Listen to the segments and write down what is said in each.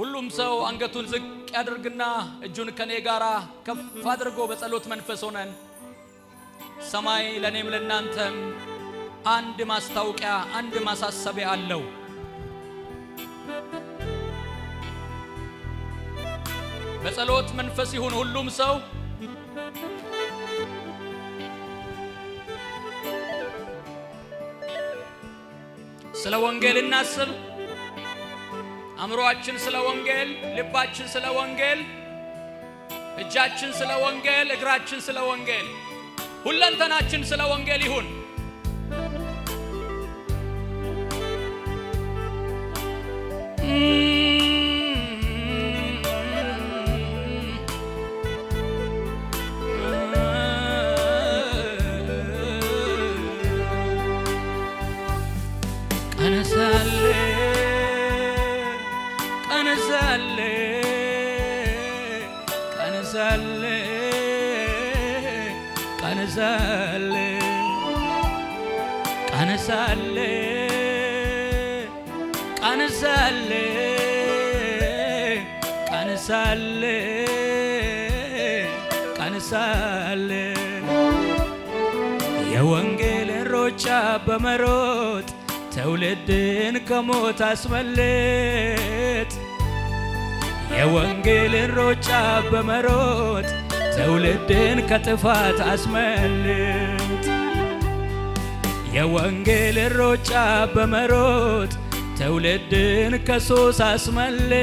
ሁሉም ሰው አንገቱን ዝቅ ያድርግና እጁን ከኔ ጋር ከፍ አድርጎ በጸሎት መንፈስ ሆነን ሰማይ ለእኔም ለእናንተም አንድ ማስታወቂያ፣ አንድ ማሳሰቢያ አለው። በጸሎት መንፈስ ይሁን ሁሉም ሰው ስለ ወንጌል እናስብ። አእምሮአችን ስለ ወንጌል፣ ልባችን ስለ ወንጌል፣ እጃችን ስለ ወንጌል፣ እግራችን ስለ ወንጌል፣ ሁለንተናችን ስለ ወንጌል ይሁን። ቀን ሳለ ቀን የወንጌል ሮጫ በመሮጥ ትውልድን ከሞት አስመልጥ የወንጌልን ሮጫ በመሮጥ ትውልድን ከጥፋት አስመልጥ የወንጌልን ሮጫ በመሮጥ ትውልድን ከሱስ አስመልጥ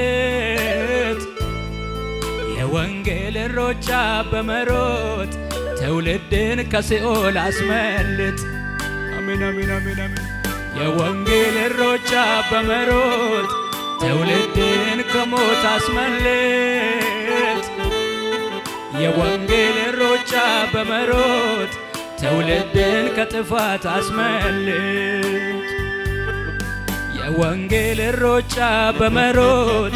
የወንጌል ሮጫ በመሮጥ ትውልድን ከሲኦል አስመልጥ። አሜን አሜን አሜን አሜን። ሮጫ በመሮጥ ትውልድን ከሞት አስመልጥ። የወንጌል ሮጫ በመሮጥ ትውልድን ከጥፋት አስመልጥ። የወንጌል ሮጫ በመሮጥ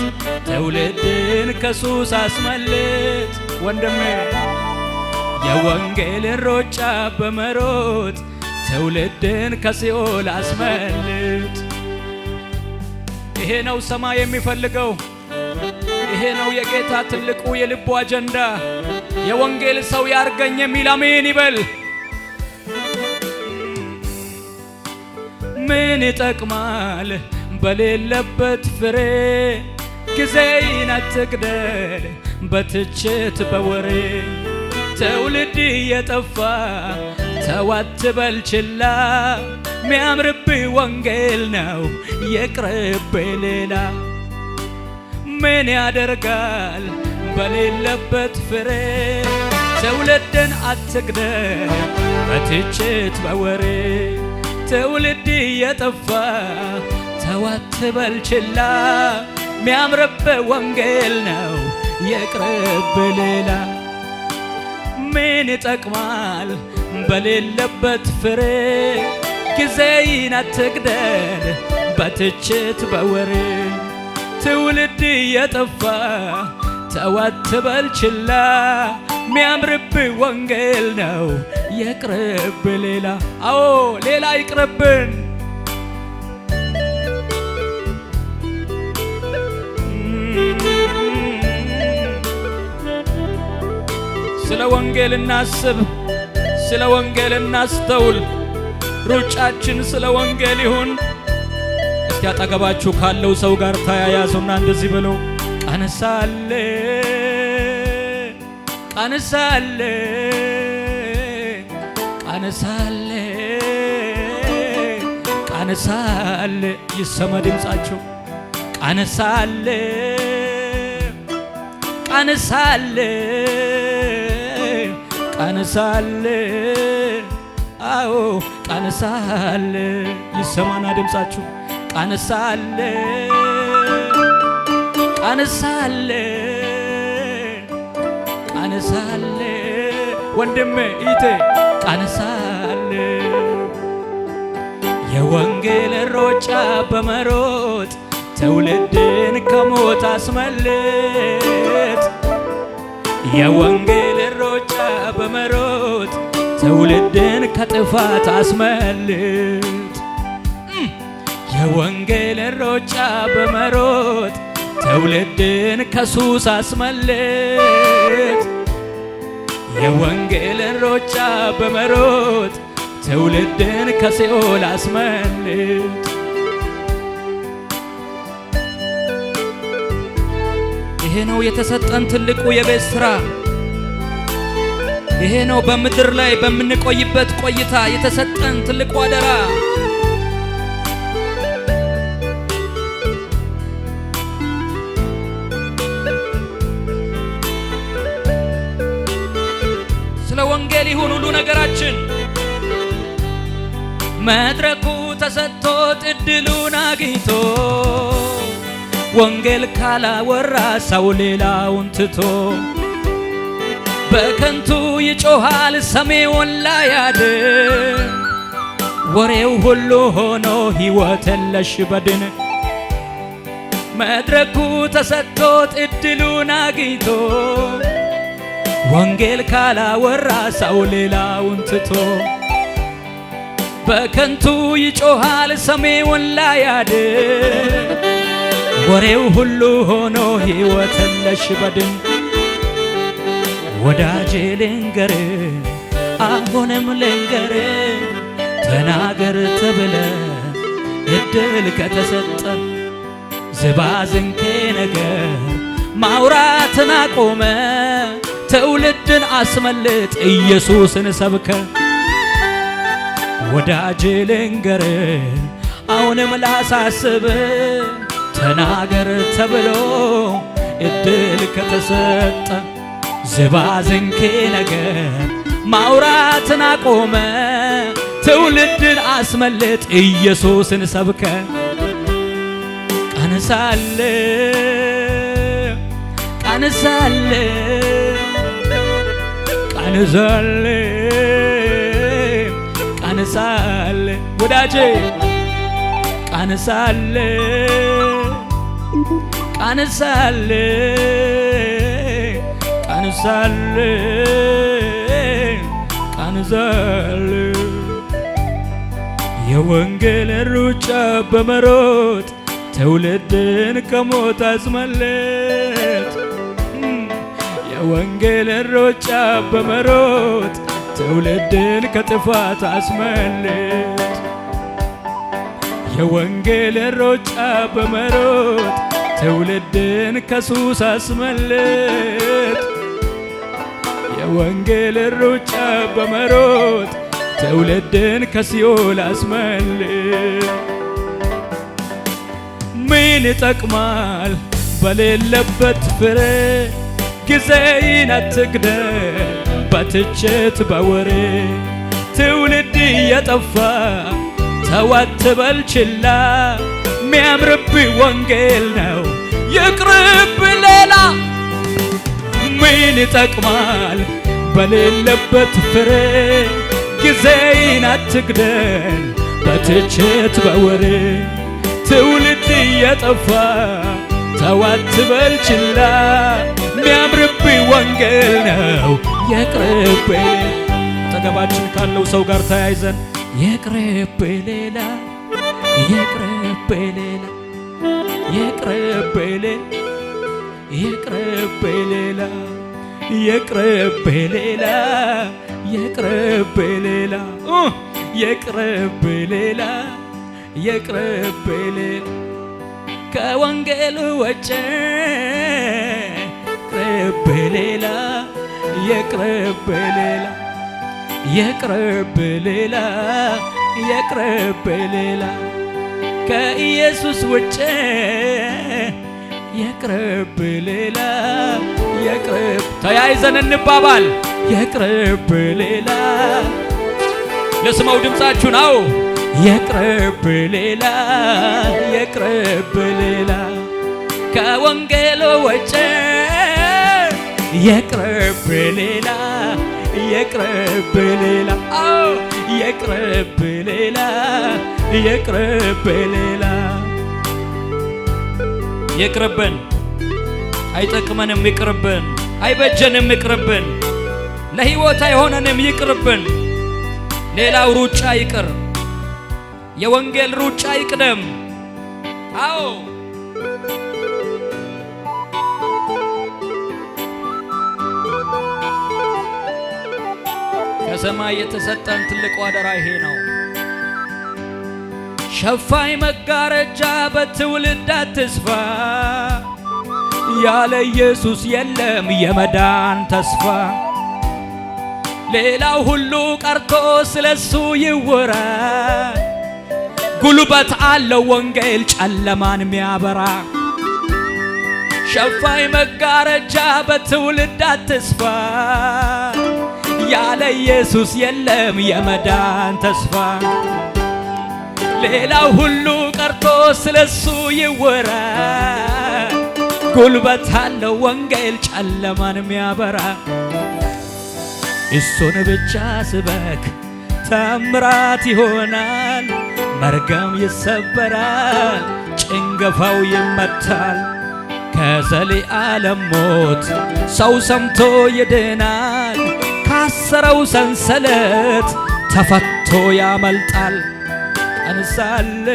ትውልድን ከሱስ አስመልጥ ወንድሜ የወንጌል ሮጫ በመሮጥ ትውልድን ከሲኦል አስመልጥ። ይሄ ነው ሰማይ የሚፈልገው። ይሄ ነው የጌታ ትልቁ የልቡ አጀንዳ። የወንጌል ሰው ያርገኝ የሚል አሜን ይበል። ምን ይጠቅማል በሌለበት ፍሬ ጊዜን አትግደል በትችት በወሬ ትውልድ እየጠፋ ተው አትበል ችላ ሚያምርብ ወንጌል ነው የቅርብ ሌላ ምን ያደርጋል በሌለበት ፍሬ ትውልድን አትግደል በትችት በወሬ ትውልድ እየጠፋ ተው አትበል ችላ ሚያምርብህ ወንጌል ነው የቅርብ ሌላ ምን ይጠቅማል በሌለበት ፍሬ ጊዜይን አትግደል በትችት በወሬ ትውልድ እየጠፋ ተው ችላ የሚያምርብ ወንጌል ነው። የቅርብ ሌላ አዎ ሌላ ይቅርብን። ስለ ወንጌል እናስብ፣ ስለ ወንጌል እናስተውል። ሩጫችን ስለ ወንጌል ይሁን። እስቲ አጠገባችሁ ካለው ሰው ጋር ተያያዙና እንደዚህ ብሎ ቀንሳለ ቀንሳለ ቀንሳለ ቀንሳለ ይሰማ ድምፃቸው ቀንሳለ ቀንሳለ ቀንሳለ አዎ ቀንሳለ ይሰማና ድምፃችሁ ቀንሳለ ቀንሳለ ቀንሳለ ወንድሜ ኢቴ ቀንሳለ የወንጌል ሮጫ በመሮጥ ትውልድን ከሞት አስመልጥ የወንጌል ሮጫ በመሮጥ ትውልድን ከጥፋት አስመልጥ የወንጌል ሮጫ በመሮጥ ትውልድን ከሱስ አስመልጥ የወንጌልን ሮጫ በመሮጥ ትውልድን ከሲኦል አስመልጥ። ይሄ ነው የተሰጠን ትልቁ የቤት ሥራ። ይሄ ነው በምድር ላይ በምንቆይበት ቆይታ የተሰጠን ትልቁ አደራ። ነገር ይሁን ሁሉ ነገራችን። መድረኩ ተሰጥቶት እድሉን አግኝቶ ወንጌል ካላወራ ሰው ሌላውን ትቶ በከንቱ ይጮሃል ሰሜውን ላይ ወሬው ሁሉ ሆኖ ሕይወት የለሽ በድን መድረኩ ተሰጥቶት እድሉን አግኝቶ ወንጌል ካላወራ ሰው ሌላውን ትቶ በከንቱ ይጮሃል ሰሜውን ላይ ያድር ወሬው ሁሉ ሆኖ ሕይወት የለሽ በድን ወዳጄ ልንገር አሁንም ልንገር ተናገር ተብለ እድል ከተሰጠ ዝባዝንኬ ነገር ማውራትን አቆመ ትውልድን አስመልጥ ኢየሱስን ሰብከ ወዳጅ ልንገር አሁንም ላሳስብ ተናገር ተብሎ እድል ከተሰጠ ዝባዝንኬ ነገር ማውራትን አቆመ። ትውልድን አስመልጥ ኢየሱስን ሰብከ ቀንሳለ ቀንሳለ ቀን ሳለህ ቀን ሳለህ ወዳጄ ቀን ሳለህ ቀን ሳለህ ቀን ሳለህ ቀን ሳለህ የወንጌል ሩጫ በመሮጥ ትውልድን ከሞት አስመለስ የወንጌልን ሮጫ በመሮጥ ትውልድን ከጥፋት አስመልጥ የወንጌልን ሮጫ በመሮጥ ትውልድን ከሱስ አስመልጥ የወንጌልን ሩጫ በመሮጥ ትውልድን ከሲኦል አስመልጥ ምን ይጠቅማል በሌለበት ፍሬ ጊዜን አትግደል በትችት በወሬ ትውልድ እየጠፋ ተዋትበል ችላ ሚያምርብ ወንጌል ነው ይቅርብ ሌላ ምን ይጠቅማል በሌለበት ፍሬ ጊዜን አትግደል በትችት በወሬ ትውልድ እየጠፋ ተዋትበል ችላ የሚያምርብ ወንጌል ነው የቅርብ አጠገባችን ካለው ሰው ጋር ተያይዘን የቅርብ ሌላ የቅርብ ሌላ የቅርብ ሌላ የቅርብ ሌላ የቅርብ ሌላ የቅርብ ሌላ የቅርብ ሌላ የቅርብ ሌላ ከወንጌል ወጭ በሌላ የቅርብ ሌላ የቅርብ ሌላ የቅርብ በሌላ ከኢየሱስ ውጭ የቅርብ በሌላ የቅርብ ተያይዘን እንባባል የቅርብ በሌላ ለስማው ድምፃችሁ ነው የቅርብ በሌላ የቅርብ በሌላ ከወንጌሉ ውጭ የቅርብ ሌላ የቅርብ ሌላ የቅርብ ሌላ የቅርብ ሌላ ይቅርብን፣ አይጠቅመንም፣ ይቅርብን፣ አይበጀንም፣ ይቅርብን፣ ለሕይወት አይሆነንም፣ ይቅርብን። ሌላው ሩጫ ይቅር፣ የወንጌል ሩጫ ይቅደም። አዎ ከሰማይ የተሰጠን ትልቁ አደራ ይሄ ነው። ሸፋኝ መጋረጃ በትውልድ አትስፋ፣ ያለ ኢየሱስ የለም የመዳን ተስፋ። ሌላው ሁሉ ቀርቶ ስለሱ ይወራ፣ ጉልበት አለው ወንጌል ጨለማን ሚያበራ። ሸፋኝ መጋረጃ በትውልድ አትስፋ ያለ ኢየሱስ የለም የመዳን ተስፋ። ሌላው ሁሉ ቀርቶ ስለሱ ይወራ። ጉልበት አለው ወንጌል ጨለማን የሚያበራ። እሱን ብቻ ስበክ ተምራት ይሆናል። መርገም ይሰበራል፣ ጭንገፋው ይመታል። ከዘሌ ሞት ሰው ሰምቶ ይድናል። ከታሰረው ሰንሰለት ተፈቶ ያመልጣል። ቀንሳለ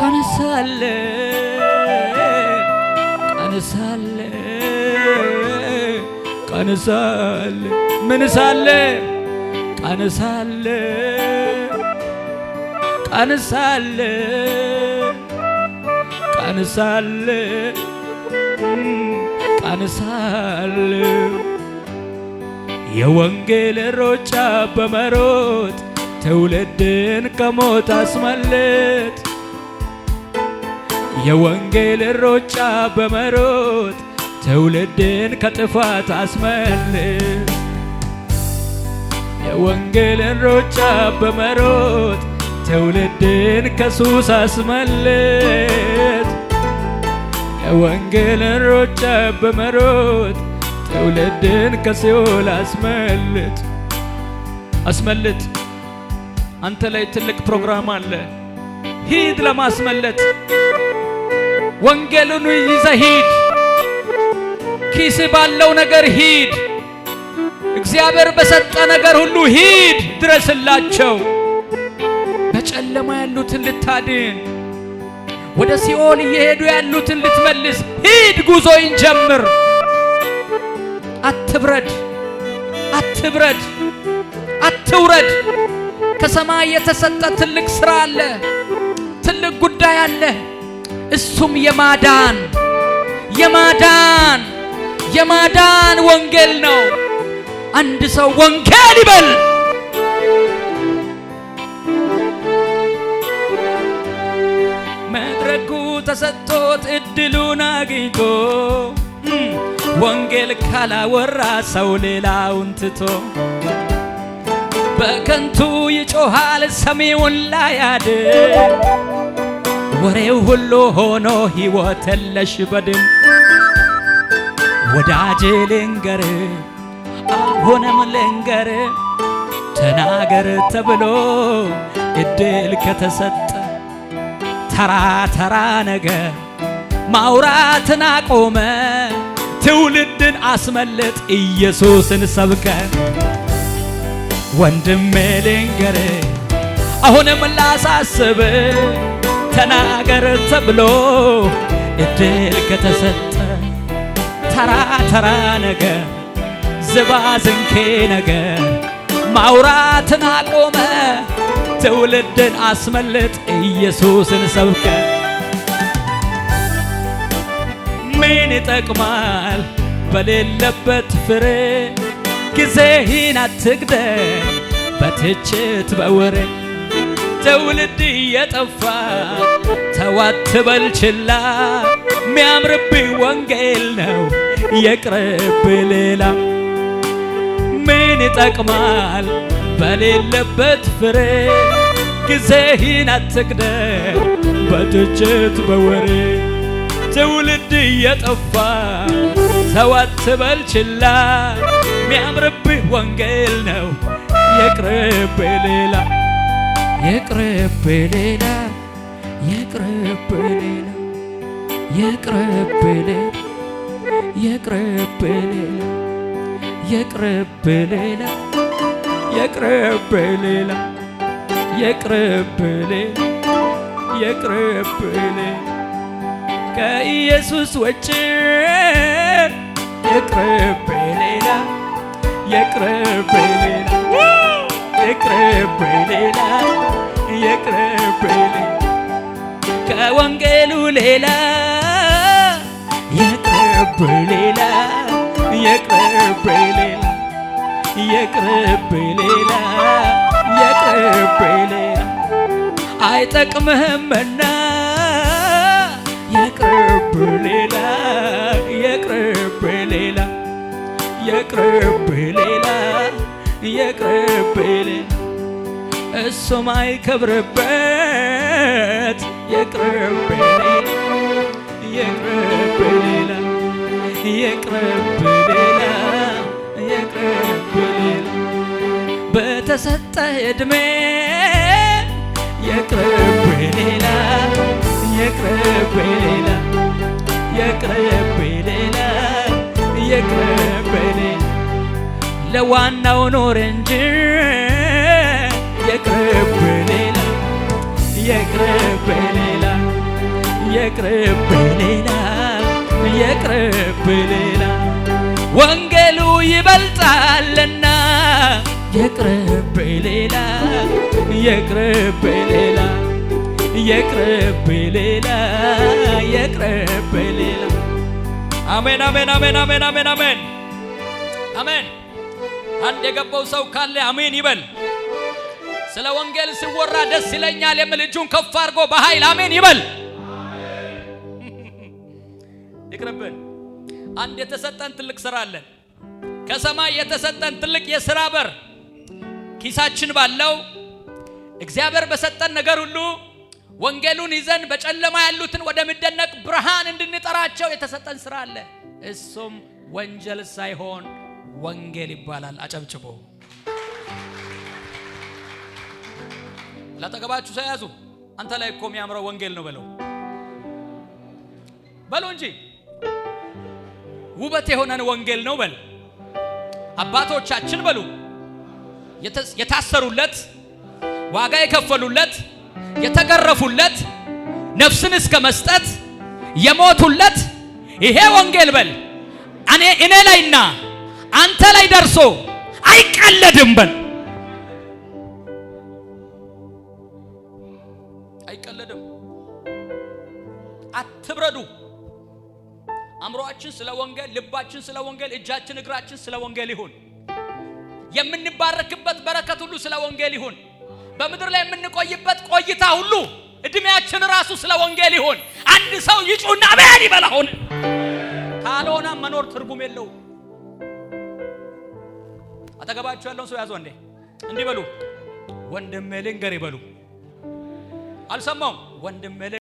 ቀንሳለ ቀንሳለ ቀንሳለ ሳለ ቀንሳለ ቀንሳለ ቀንሳለ ቀንሳለ የወንጌል ሮጫ በመሮጥ ትውልድን ከሞት አስመልጥ የወንጌል ሮጫ በመሮጥ ትውልድን ከጥፋት አስመልጥ የወንጌልን ሮጫ በመሮጥ ትውልድን ከሱስ አስመልጥ የወንጌልን ሮጫ በመሮጥ ትውልድን ከሲኦል አስመልጥ አስመልጥ። አንተ ላይ ትልቅ ፕሮግራም አለ። ሂድ ለማስመለጥ ወንጌሉን ይዘ ሂድ። ኪስ ባለው ነገር ሂድ። እግዚአብሔር በሰጠ ነገር ሁሉ ሂድ፣ ድረስላቸው። በጨለማ ያሉትን ልታድን፣ ወደ ሲኦል እየሄዱ ያሉትን ልትመልስ ሂድ። ጉዞይን ጀምር አትብረድ፣ አትብረድ፣ አትውረድ። ከሰማይ የተሰጠ ትልቅ ሥራ አለ፣ ትልቅ ጉዳይ አለ። እሱም የማዳን የማዳን የማዳን ወንጌል ነው። አንድ ሰው ወንጌል ይበል። መድረኩ ተሰጥቶት እድሉን አግኝቶ ወንጌል ካላወራ ሰው ሌላውን ትቶ በከንቱ ይጮሃል ሰሚውን ላያድ ወሬው ሁሉ ሆኖ ሕይወት የለሽ በድን ወዳጄ ልንገር አሁንም ልንገር ተናገር ተብሎ እድል ከተሰጠ ተራ ተራ ነገር ማውራትን አቆመ ትውልድን አስመልጥ ኢየሱስን ሰብከን ወንድሜ ልንገር አሁንም ላሳስብ ተናገር ተብሎ እድል ከተሰጠ ተራ ተራ ነገር ዝባዝንኬ ነገር ማውራትን አቆመ ትውልድን አስመልጥ ኢየሱስን ሰብከን ወይን ይጠቅማል በሌለበት ፍሬ ጊዜህን አትግደ በትችት በወሬ ትውልድ እየጠፋ ተዋት በል ችላ ሚያምርብህ ወንጌል ነው የቅርብ ሌላ ምን ይጠቅማል በሌለበት ፍሬ ጊዜህን አትግደ በትችት በወሬ ትውልድ እየጠፋ ሰው አትበል ችላ ሚያምርብ ወንጌል ነው የቅርብ ሌላ የቅርብ ሌላ የቅርብ ሌላ የቅርብ ሌላ የቅርብ ሌላ የቅርብ ሌላ የቅርብ ሌላ የቅርብ ሌላ የቅርብ ሌላ ከኢየሱስ ውጭ ይቅርብ ሌላ ይቅርብ ሌላ ሌላ ከወንጌሉ ሌላ ይቅርብ ሌላ ይቅርብ ሌላ ይቅርብ ሌላ ሌላ አይጠቅምህምና ሌላ የቅርብ ሌላ የቅርብ ሌላ የቅርብ ሌላ እሱም አይከብርበት የቅርብ የቅርብ ሌላ የቅርብ ሌላ የቅርብ ሌላ በተሰጠ እድሜ የቅርብ ሌላ የቅርብ ሌላ ይቅርብ ይለኝ ለዋናው ኖር እንጂ ይቅርብ ይለኝ ይቅርብ ይለኝ ይቅርብ ይለኝ ይቅርብ ወንጌሉ ይበልጣልና ይቅርብ ይለኝ የቅርብ ሌላ የቅርብ ሌላ አሜን አሜን አሜን አሜን አሜን አሜን አሜን። አንድ የገባው ሰው ካለ አሜን ይበል። ስለ ወንጌል ሲወራ ደስ ይለኛል የሚል እጁን ከፍ አድርጎ በኃይል አሜን ይበል። ይቅርብን። አንድ የተሰጠን ትልቅ ስራ አለን። ከሰማይ የተሰጠን ትልቅ የስራ በር ኪሳችን ባለው እግዚአብሔር በሰጠን ነገር ሁሉ ወንጌሉን ይዘን በጨለማ ያሉትን ወደ ሚደነቅ ብርሃን እንድንጠራቸው የተሰጠን ስራ አለ። እሱም ወንጀል ሳይሆን ወንጌል ይባላል። አጨብጭቦ ለአጠገባችሁ ሳያዙ አንተ ላይ እኮ የሚያምረው ወንጌል ነው በለው በሉ እንጂ ውበት የሆነን ወንጌል ነው በል። አባቶቻችን በሉ የታሰሩለት ዋጋ የከፈሉለት የተገረፉለት፣ ነፍስን እስከ መስጠት የሞቱለት ይሄ ወንጌል በል እኔ ላይና አንተ ላይ ደርሶ አይቀለድም። በል አይቀለድም። አትብረዱ። አእምሮአችን ስለ ወንጌል፣ ልባችን ስለ ወንጌል፣ እጃችን እግራችን ስለ ወንጌል ይሁን። የምንባረክበት በረከት ሁሉ ስለ ወንጌል ይሁን። በምድር ላይ የምንቆይበት ቆይታ ሁሉ እድሜያችን ራሱ ስለ ወንጌል ይሆን። አንድ ሰው ይጩና በያን ይበላሁን ካልሆነ መኖር ትርጉም የለውም። አጠገባችሁ ያለውን ሰው ያዘው እንዴ እንዲህ በሉ፣ ወንድሜ ልንገር ይበሉ። አልሰማውም ወንድሜ